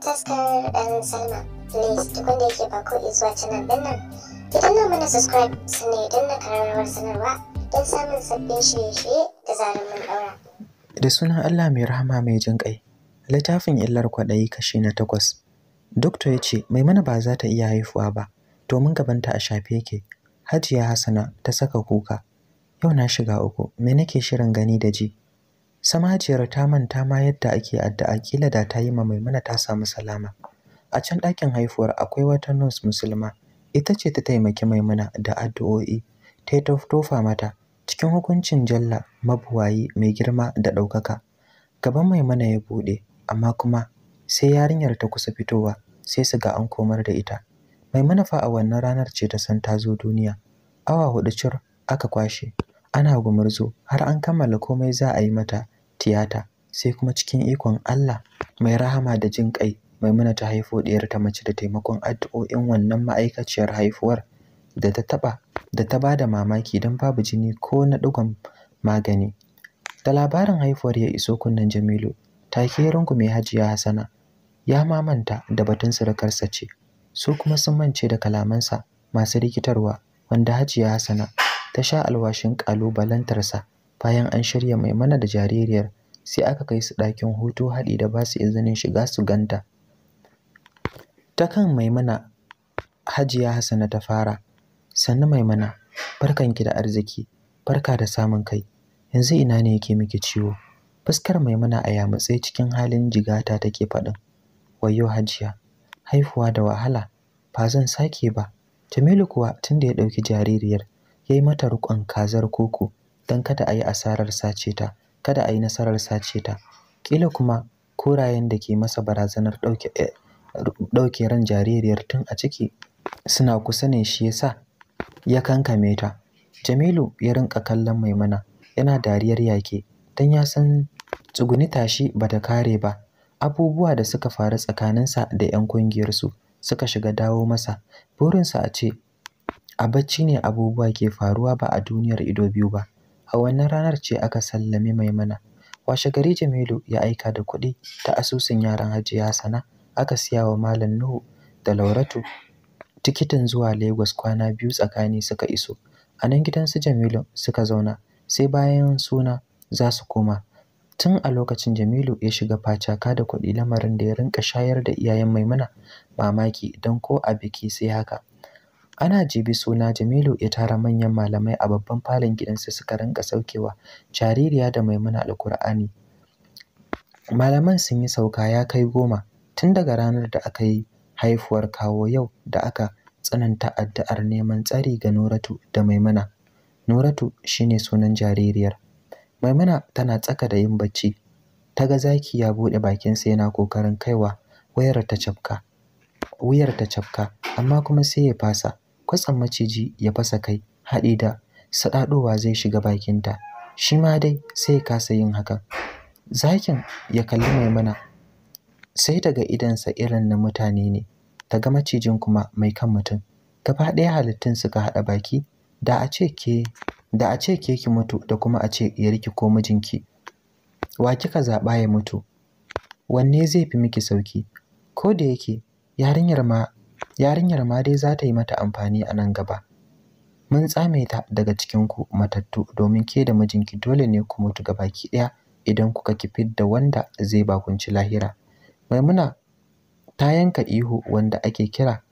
taskar ɗan salma please duk wanda yake ba ko zuwa canal ɗin nan ki danna mana subscribe sannan idan na kararrawar sanarwa don samun sabbin shirye-shirye da zarar mun ɗaura. da sunan allah mai rahama mai jin ƙai littafin illar kwaɗayi kashi na takwas dokta ya ce mai mana ba za ta iya haifuwa ba domin gabanta a shafe yake hajiya Hassana ta saka kuka yau na shiga uku me nake shirin gani da ji Samajiyar ta manta ma yadda ake addu'a kila da ta yi ma Maimuna ta samu salama. A can ɗakin haifuwar akwai wata nurse musulma, ita ce ta taimaki Maimuna da addu'o'i, ta yi tofa mata cikin hukuncin Jalla mabuwayi mai girma da ɗaukaka. Gaban Maimuna ya buɗe, amma kuma sai yarinyar ta kusa fitowa sai su ga an komar da ita. Maimuna fa a wannan ranar ce ta san ta zo duniya. Awa huɗu cur aka kwashe, ana gumurzu har an kammala komai za a yi mata tiyata sai kuma cikin ikon Allah mai rahama da jin kai Maimuna ta haifo ɗiyar ta mace da taimakon addu'o'in wannan ma'aikaciyar haifuwar da ta taba da ta bada mamaki don babu jini ko na ɗigon magani. Da labarin haifuwar ya iso kunnen Jamilu, ta take mai Hajiya Hassana ya mamanta da batun surukarsa ce, su kuma sun mance da kalamansa masu rikitarwa wanda Hajiya Hassana ta sha alwashin ƙalubalantarsa bayan an shirya maimuna da jaririyar sai aka kai su ɗakin hutu haɗi da ba su izinin shiga su ganta ta kan maimuna hajiya hassana ta fara sannu maimuna barkanki da arziki barka da samun kai yanzu ina ne yake miki ciwo fuskar maimuna a yamutse cikin halin jigata take faɗin wayo hajiya haifuwa da wahala ba zan sake ba jamilu kuwa tunda ya ɗauki jaririyar ya yi mata rukun kazar koko don kada a yi asarar sace ta kada a yi nasarar sace ta kila kuma korayen da ke masa barazanar ɗauke eh, ran jaririyar tun a ciki suna kusa ne shi yasa ya kankame ta jamilu ya rinka kallon maimuna yana dariyar yake don ya san tsuguni tashi ba ta kare ba abubuwa da suka faru tsakaninsa da 'yan kungiyarsu suka shiga dawo masa burinsa a ce a bacci ne abubuwa ke faruwa ba a duniyar ido biyu ba A wannan ranar ce aka sallami Maimuna. Washe, gari Jamilu ya aika da kuɗi ta asusun yaran Hajiya Hassana aka siya wa Malam Nuhu da Lauratu tikitin zuwa Lagos kwana biyu tsakani suka iso. A nan gidan su Jamilu suka zauna sai bayan suna za su koma. Tun a lokacin Jamilu ya shiga facaka da kuɗi lamarin da ya rinka shayar da iyayen Maimuna mamaki don ko a biki sai haka. ana jibi suna jamilu ya tara manyan malamai a babban falon gidansa suka rinka saukewa jaririya da maimuna alkur'ani malaman sun yi sauka ya kai goma tun daga ranar da aka yi haifuwar kawo yau da aka tsananta addu'ar neman tsari ga Noratu da Maimuna. Nuratu shine sunan jaririyar. Maimuna tana tsaka da yin bacci. Ta ga zaki ya buɗe bakinsa yana kokarin kaiwa wayar ta cafka. Wuyar ta cafka amma kuma sai ya fasa. kwatsam maciji ya fasa kai haɗi da saɗaɗowa zai shiga bakinta shi ma dai sai ya kasa yin hakan zakin ya kalli maimuna sai daga idansa irin na mutane ne ta macijin kuma mai kan mutum gaba ɗaya halittun suka haɗa baki da a ce ke ki mutu da kuma a ce ya riki ko mijinki wa kika zaɓa ya mutu wanne zai fi miki sauki ko da yake yarinyar ma yarinyar ma dai za ta yi mata amfani a nan gaba mun tsame ta daga cikinku matattu domin ke da mijinki dole ne ku mutu baki ɗaya idan kuka kifid da wanda zai bakunci lahira maimuna ta yanka ihu wanda ake kira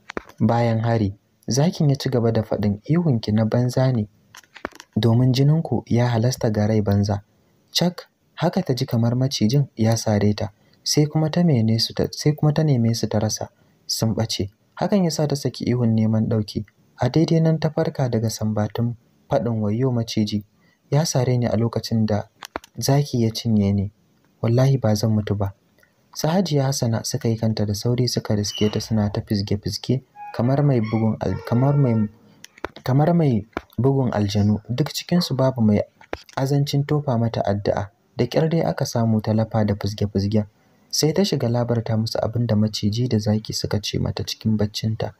bayan hari zakin ya ci gaba da faɗin ihunki na banza ne domin jininku ya halasta ga rai banza cak haka ta ji kamar macijin ya sare ta sai kuma ta neme su ta rasa sun ɓace hakan ya sa ta saki ihun neman ɗauki a daidai nan ta farka daga sambatun faɗin wayo maciji ya sare ni a lokacin da zaki ya cinye ni wallahi ba zan mutu ba sahajiya hasana suka yi kanta da sauri suka riske ta suna ta fizge-fizge kamar mai bugun kamar mai kamar mai bugun aljanu duk cikin su babu mai azancin tofa mata addu'a da ƙyar aka samu talafa da fizge-fizgen sai ta shiga labarta musu abin da maciji da zaki suka ce mata cikin baccinta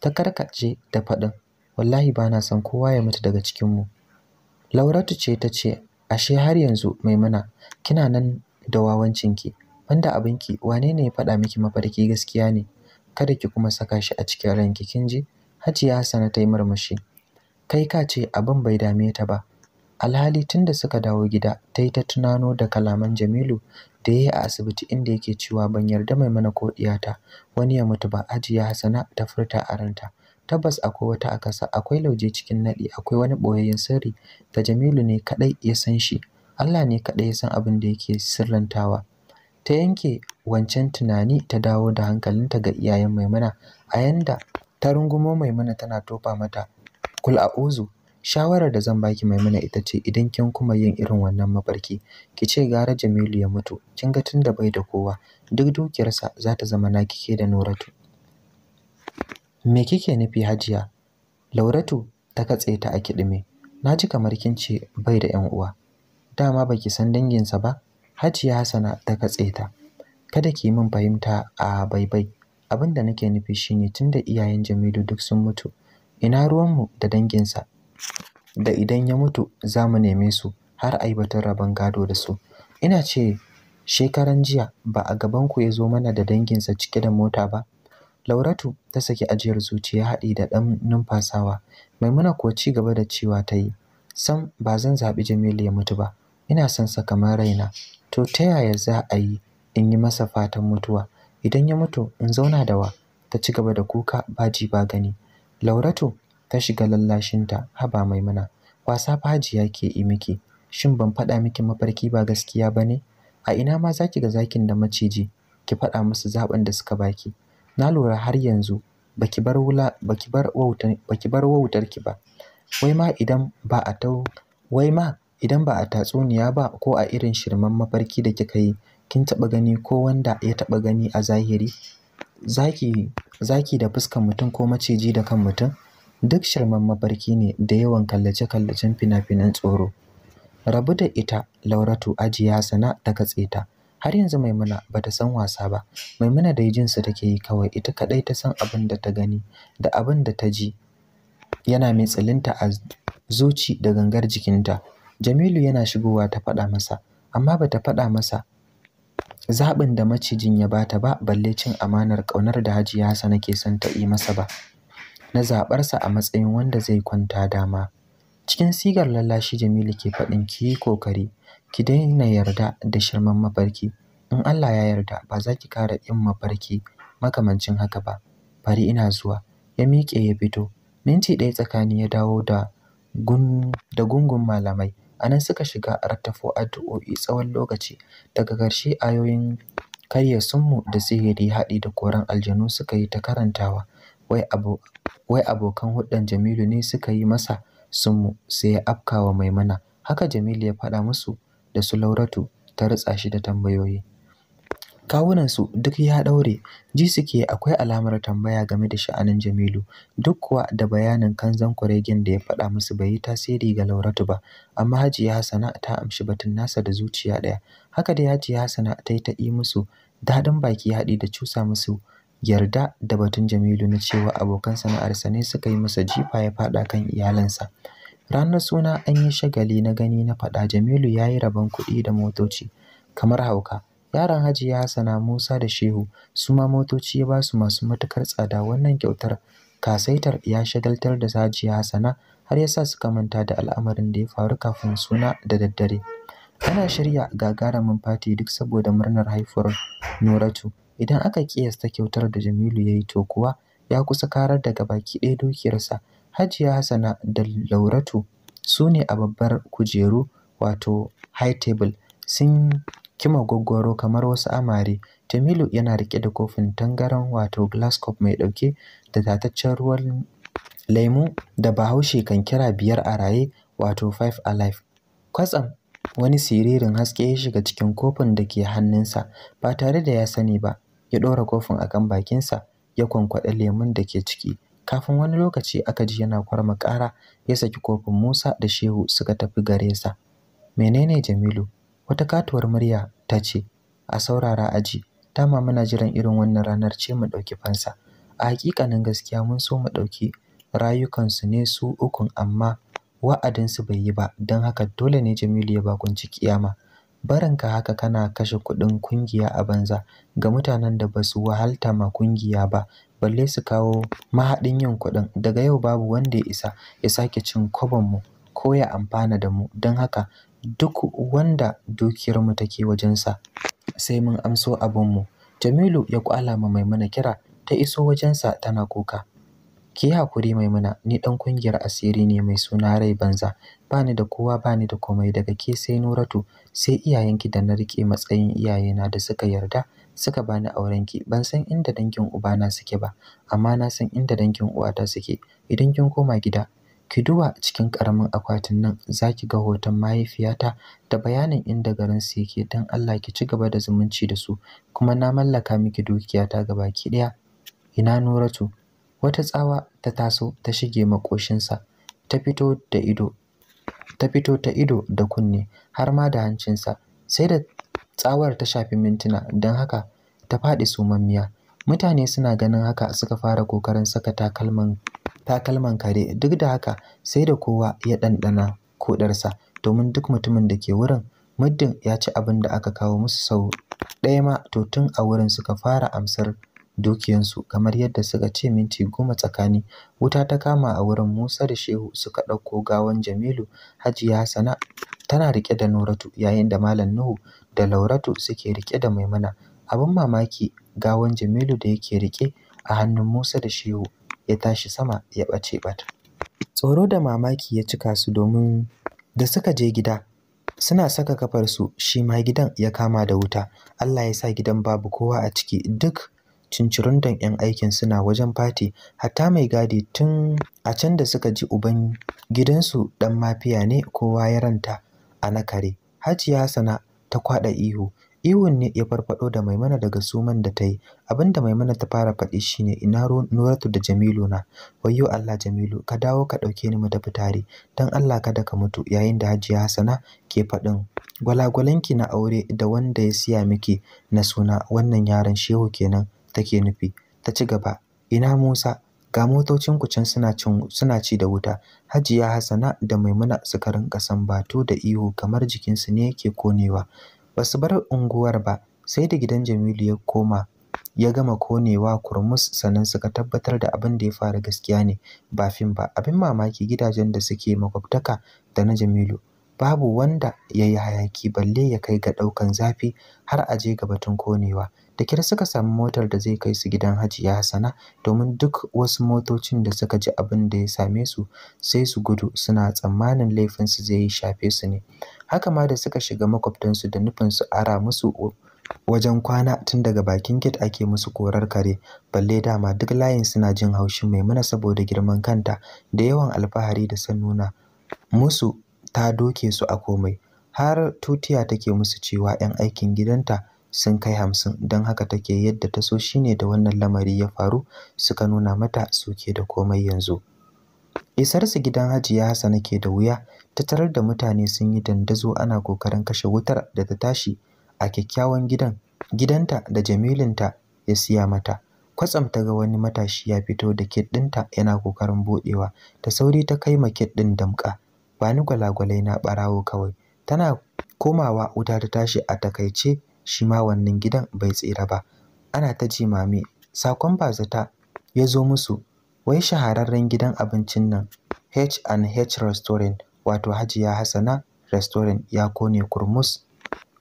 ta karkace da faɗin wallahi ba na son kowa ya mutu daga cikinmu lauratu ce ta ce ashe har yanzu maimuna kina nan da wawancinki wanda abinki wane ne ya faɗa miki mafarki gaskiya ne kada ki kuma saka shi a cikin ranki kin ji hajiya hassana ta yi murmushi kai ka ce abin bai dame ta ba alhali tun da suka dawo gida ta yi ta tunano da kalaman jamilu da ya yi a asibiti inda yake cewa ban yarda mai mana ko ɗiyata wani ya mutu ba ajiya hasana ta furta a ranta tabbas akwai wata akasa akwai lauje cikin naɗi akwai wani ɓoyayyen sirri da jamilu ne kaɗai ya san shi allah ne kaɗai ya san abin da yake sirrantawa ta yanke wancan tunani ta dawo da hankalinta ga iyayen maimuna a yanda ta rungumo maimuna tana tofa mata kul uzu. shawarar da zan baki maimuna ita ce idan kin kuma yin irin wannan mafarki ki ce gara Jamilu ya mutu kin ga tunda bai da kowa duk dukiyarsa za ta zama naki ke da Noratu me kike nufi Hajiya Lauratu ta katse ta a kidime naji kamar kin ce bai da 'yan uwa dama baki san danginsa ba Hajiya Hassana ta katse ta kada ki yi min fahimta a baibai Abin abinda nake nufi shine tunda iyayen Jamilu duk sun mutu ina ruwanmu da danginsa da idan ya mutu za mu neme su har a yi batun rabon gado da su ina ce shekaran jiya ba a gabanku ya zo mana da danginsa cike da mota ba lauratu ta saki ajiyar zuciya haɗi da ɗan numfasawa maimuna kuwa ci gaba da cewa ta yi sam ba zan zaɓi jamilu ya mutu ba ina son sa kamar raina to ta yaya za a yi in yi masa fatan mutuwa idan ya mutu in zauna da wa ta ci gaba da kuka ba ji ba gani lauratu ta shiga lallashinta haba maimuna wasa fa hajiya ke yi miki shin ban faɗa miki mafarki ba gaskiya ba ne a ina ma zaki ga zakin da maciji ki faɗa musu zaɓin da suka baki na lura har yanzu baki bar wula baki bar wautar baki bar wautar ki ba wai ma idan ba a tau wai ma idan ba a tatsuniya ba ko a irin shirman mafarki da kika yi kin taɓa gani ko wanda ya taɓa gani a zahiri zaki zaki da fuskan mutum ko maciji da kan mutum duk shirman mafarki ne da yawan kallace-kallacen fina-finan tsoro rabu da ita lauratu ajiya sana ta katse ta har yanzu maimuna ba ta san wasa ba maimuna da yi su take yi kawai ita kadai ta san abin da ta gani da abin da ta ji yana mai mitsilinta a zuci da gangar jikinta jamilu yana shigowa ta faɗa masa amma ba ta faɗa masa zaɓin da macijin ya bata ba balle cin amanar ƙaunar da hajiya sana ke son ta yi masa ba na zaɓarsa a matsayin wanda zai kwanta dama. Cikin sigar lallashi Jamilu ke faɗin ki yi kokari, ki daina yarda da shirman mafarki. In Allah ya yarda ba za ki ƙara yin mafarki makamancin haka ba. Bari ina zuwa. Ya miƙe ya fito. Minti ɗaya tsakani ya dawo da da gungun malamai. anan suka shiga rattafo addu'o'i tsawon lokaci. Daga ƙarshe ayoyin karya sunmu da sihiri haɗi da koren aljanu suka yi ta karantawa. Wai abu wai abokan hudan Jamilu ne suka yi masa mu sai ya afkawa Maimuna haka Jamilu ya faɗa musu da su Lauratu ta ritsa shi da tambayoyi kawunansu duk ya ɗaure ji suke akwai alamar tambaya game da sha'anin Jamilu duk kuwa da bayanin kanzan kuregen da ya faɗa musu bai yi tasiri ga Lauratu ba amma Hajiya Hassana ta amshi batun nasa da zuciya ɗaya haka dai Hajiya Hassana ta yi ta yi musu daɗin baki haɗi da cusa musu yarda da batun Jamilu na cewa abokan sana'arsa ne suka yi masa jifa ya faɗa kan iyalansa. Ranar suna an yi shagali na gani na faɗa Jamilu ya yi rabon kuɗi da motoci kamar hauka. Yaran Hajiya Hassana Musa da Shehu su ma motoci ya ba su masu matuƙar tsada wannan kyautar kasaitar ya shagaltar da Hajiya Hassana har ya sa suka manta da al'amarin da ya faru kafin suna da daddare. Ana shirya gagarumin fati duk saboda murnar haifar Nuratu idan aka kiyasta kyautar da Jamilu ya yi to kuwa ya kusa karar daga baki ɗaya dukiyarsa Hajiya Hassana da Lauratu su ne a babbar kujeru wato high table sun kima gwaggwaro kamar wasu amare Jamilu yana riƙe da kofin tangaran wato glass cup mai ɗauke da tataccen ruwan lemu da Bahaushe kan kira biyar a raye wato five alive kwatsam wani siririn haske ya shiga cikin kofin da ke hannunsa ba tare da ya sani ba ya ɗora kofin a kan bakinsa ya kwankwaɗa lemun da ke ciki kafin wani lokaci aka ji yana kwarma ƙara ya saki kofin Musa da Shehu suka tafi gare sa menene Jamilu wata katuwar murya ta ce a saurara aji dama muna jiran irin wannan ranar ce mu ɗauki fansa a hakikanin gaskiya mun so mu ɗauki rayukansu ne su ukun amma wa'adinsu bai yi ba don haka dole ne Jamilu ya bakunci kiyama Barin ka haka kana kashe kuɗin kungiya a banza ga mutanen da ba su wahalta ma kungiya ba balle su kawo mahaɗin yin kuɗin daga yau babu wanda ya isa ya sake cin kwabonmu ko ya amfana da mu don haka duk wanda dukiyarmu take wajensa sai mun amso abinmu Jamilu ya kwala ma Maimuna kira ta iso wajensa tana kuka ki yi hakuri maimuna ni dan kungiyar asiri ne mai suna rai banza bani da kowa bani da komai daga ke sai Nuratu sai iyayenki da na rike matsayin iyayena da suka yarda suka bani aurenki ban san inda dangin ubana suke ba amma na san inda dangin uwata suke idan kin koma gida ki duba cikin karamin akwatin nan za ki ga hoton mahaifiyata da bayanin inda garin su yake dan Allah ki ci gaba da zumunci da su kuma na mallaka miki dukiyata gaba, ki daya ina Nuratu wata tsawa ta taso ta shige makoshinsa ta fito da ido ta fito ta ido da kunne har ma da hancinsa sai da tsawar ta shafi mintuna don haka ta faɗi sumammiya mutane suna ganin haka suka fara kokarin saka takalman takalman kare duk da haka sai da kowa ya ɗanɗana kodarsa domin duk mutumin da ke wurin muddin ya ci abin da aka kawo musu sau ɗaya ma to tun a wurin suka fara amsar dukiyansu kamar yadda suka ce minti goma tsakani wuta ta kama a wurin Musa da Shehu suka ɗauko gawan Jamilu Hajiya Hassana tana riƙe da Nuratu yayin da Malam Nuhu da Lauratu suke riƙe da Maimuna abin mamaki gawan Jamilu da yake riƙe a hannun Musa da Shehu ya tashi sama ya ɓace bata tsoro da mamaki ya cika su domin da suka je gida suna saka kafarsu shi ma gidan ya kama da wuta Allah ya sa gidan babu kowa a ciki duk cincirindon 'yan aikin suna wajen fati hatta mai gadi tun a can da suka ji uban gidansu dan mafiya ne kowa ya ranta a na kare hajiya sana ta kwada ihu ihun ne ya farfado da maimuna daga suman da ta yi abinda maimuna ta fara faɗi shine ina nuratu da jamilu na wayyo allah jamilu ka dawo ka ɗauke ni mu tafi tare don allah kada ka mutu yayin da hajiya Hassana ke faɗin gwalagwalanki na aure da wanda ya siya miki na suna wannan yaron shehu kenan take nufi ta ci gaba ina Musa ga motocin ku can suna cin suna ci da wuta Hajiya Hassana da Maimuna suka rinka bato da ihu kamar jikin su ne yake konewa basu bar unguwar ba sai da gidan Jamilu ya koma ya gama konewa kurmus sannan suka tabbatar da abin da ya faru gaskiya ne ba fim ba abin mamaki gidajen da suke makwabtaka da na Jamilu babu wanda ya yi hayaki balle ya kai ga ɗaukan zafi har a je ga batun konewa da kira suka samu motar da zai kai su gidan hajiya sana domin duk wasu motocin da suka ji abin da ya same su sai su gudu suna tsammanin laifin su zai shafe su ne haka ma da suka shiga makwabtansu da nufin su ara musu wajen kwana tun daga bakin gate ake musu korar kare balle dama duk layin suna jin haushi mai mana saboda girman kanta da yawan alfahari da san nuna musu ta doke su a komai har tutiya take musu cewa 'yan aikin gidanta sun kai hamsin don haka take yadda ta so shine da wannan lamari ya faru suka nuna mata suke da komai yanzu Isarsu gidan hajiya hassana ke da wuya ta tarar da mutane sun yi dandazo ana kokarin kashe wutar da ta tashi a kyakkyawan gidan gidanta da jamilinta ya siya mata kwatsam ta ga wani matashi ya fito da kit ɗinta yana kokarin buɗewa da sauri ta kai ma kit ɗin damƙa ba ni gwalagwalai na ɓarawo kawai tana komawa wuta ta tashi a takaice shi ma wannan gidan bai tsira ba ana ta jimame sakon bazata ya zo musu wai shahararren gidan abincin nan H H restaurant wato Hajiya Hassana restaurant ya kone kurmus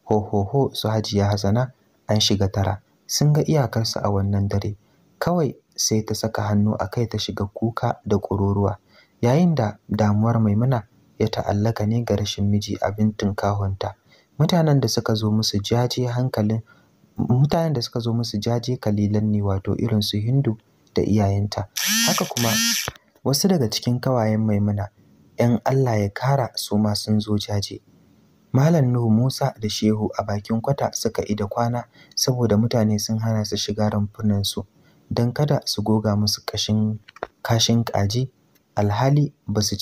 ho ho ho su Hajiya hasana an shiga tara sun ga iyakarsa a wannan dare kawai sai ta saka hannu a kai ta shiga kuka da kururuwa yayin da damuwar maimuna ya ta'allaka ne ga rashin miji abin tunkahunta mutanen da suka zo musu jaje hankalin mutanen da suka zo musu jaje kalilan ne wato irin su hindu da iyayenta haka kuma wasu daga cikin kawayen maimuna 'yan allah ya kara su ma sun zo jaje Malam Nuhu Musa da Shehu a bakin kwata suka ida kwana saboda mutane sun hana su shiga rumfunansu don kada su goga musu kashin kashin kaji alhali ba su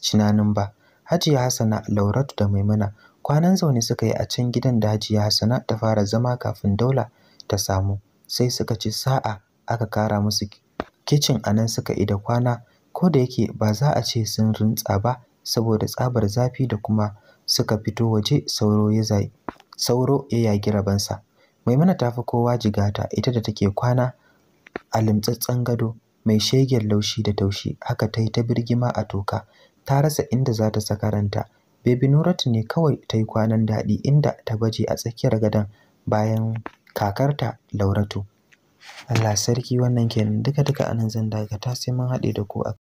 ci nanin ba hajiya hassana lauratu da maimuna kwanan zaune suka yi a can gidan da hajiya hassana ta fara zama kafin daula ta samu sai suka ci sa'a aka kara musu kicin a nan suka ida kwana ko da yake ba za a ce sun rintsa ba saboda tsabar zafi da kuma suka fito waje sauro ya sauro ya yagi rabansa maimuna ta fi kowa jigata ita da take kwana a limtsatsen gado mai shegen laushi da taushi haka ta yi ta birgima a toka ta rasa inda za ta saka ranta Baby Nuratu ne kawai ta yi kwanan daɗi inda ta baje a tsakiyar gadon bayan kakarta Lauratu. Allah sarki wannan kenan duka duka anan zan dakata sai mun haɗe da ku a